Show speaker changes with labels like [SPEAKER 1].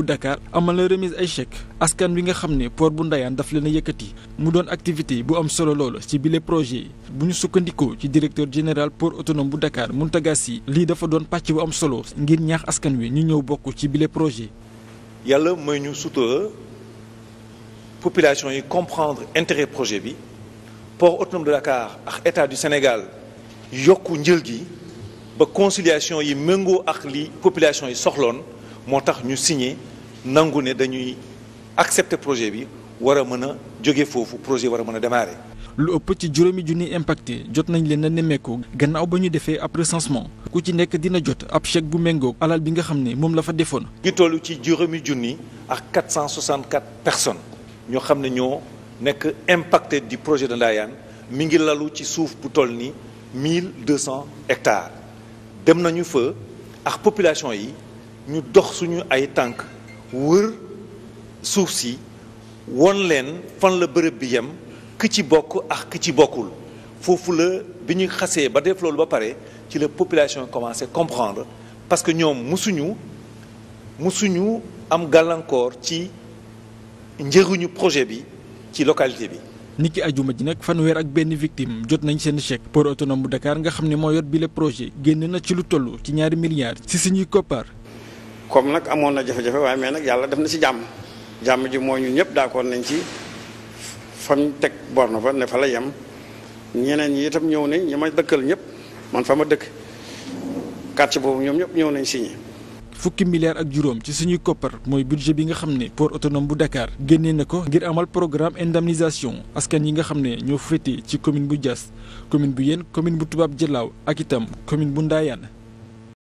[SPEAKER 1] bu Dakar amal na remise ay chèques askan bi nga xam ne port bu ndeyaan daf leen a yëkkati mu doon activité bu am solo lool ci bile projet bu ñu sukkandikoo ci directeur général port autonome bu Dakar Mountaga Sy lii dafa doon pàcc bu am solo ngir ñaax askan wi ñu ñëw bokk ci bile projet.
[SPEAKER 2] yàlla mooy ñu sutura population yi comprendre intérêt projet bi port autonome de Dakar ak état du Sénégal yokku njël gi. ba conciliation yi méngoo ak lii population yi soxloon moo tax ñu nangu ne dañuy accepter projet bi war a mën a jóge foofu projet war a mën a démarrer.
[SPEAKER 1] lu ëpp ci juróomi junni impacte jot nañ leen a nemmeeku gannaaw ba ñu defee ab recensement
[SPEAKER 2] ku ci nekk dina jot ab chèque bu méngoog alal bi nga xam ne moom la fa defoon. ñu tollu ci juróomi junni ak 464 personnes ñoo xam ne ñoo nekk impacté di projet de Ndayane mi ngi lalu ci suuf bu toll ni 1200 hectares dem nañu fa ak population yi ñu dox suñu ay tànk. wër suuf si won leen fan la bërëb bi yem ki ci bokk ak ki ci bokkul foofu la bi ñuy xasee ba def loolu ba pare ci la population commencé comprendre parce que ñoom musuñu musuñu am gàllankoor ci njëriñu projet bi ci localité bi.
[SPEAKER 1] nit ki ajuma ji nag fanweer ak benn victime jot nañ seen chèque port autonome bu Dakar nga xam ne moo yor bile projet génn na ci lu toll ci ñaari milliards ci suñuy koppar.
[SPEAKER 3] comme nag amoon na jafe-jafe waaye mais nag yàlla def na ci jàmm jàmm ji moo ñu ñëpp d'accord nañ ci fam teg borne ba ne fa la yem ñeneen ñi itam ñëw nañ ñi ma dëkkal ñëpp man fa ma dëkk quartier boobu ñoom ñëpp ñëw nañ signé
[SPEAKER 1] fukki milliards ak juróom ci suñuy koppar mooy budget bi nga xam ne pour autonome bu Dakar génnee na ko ngir amal programme indemnisation askan yi nga xam ne ñoo féete ci commune bu Diass commune bu Yène commune bu tubaab Dialaw ak commune bu Ndayane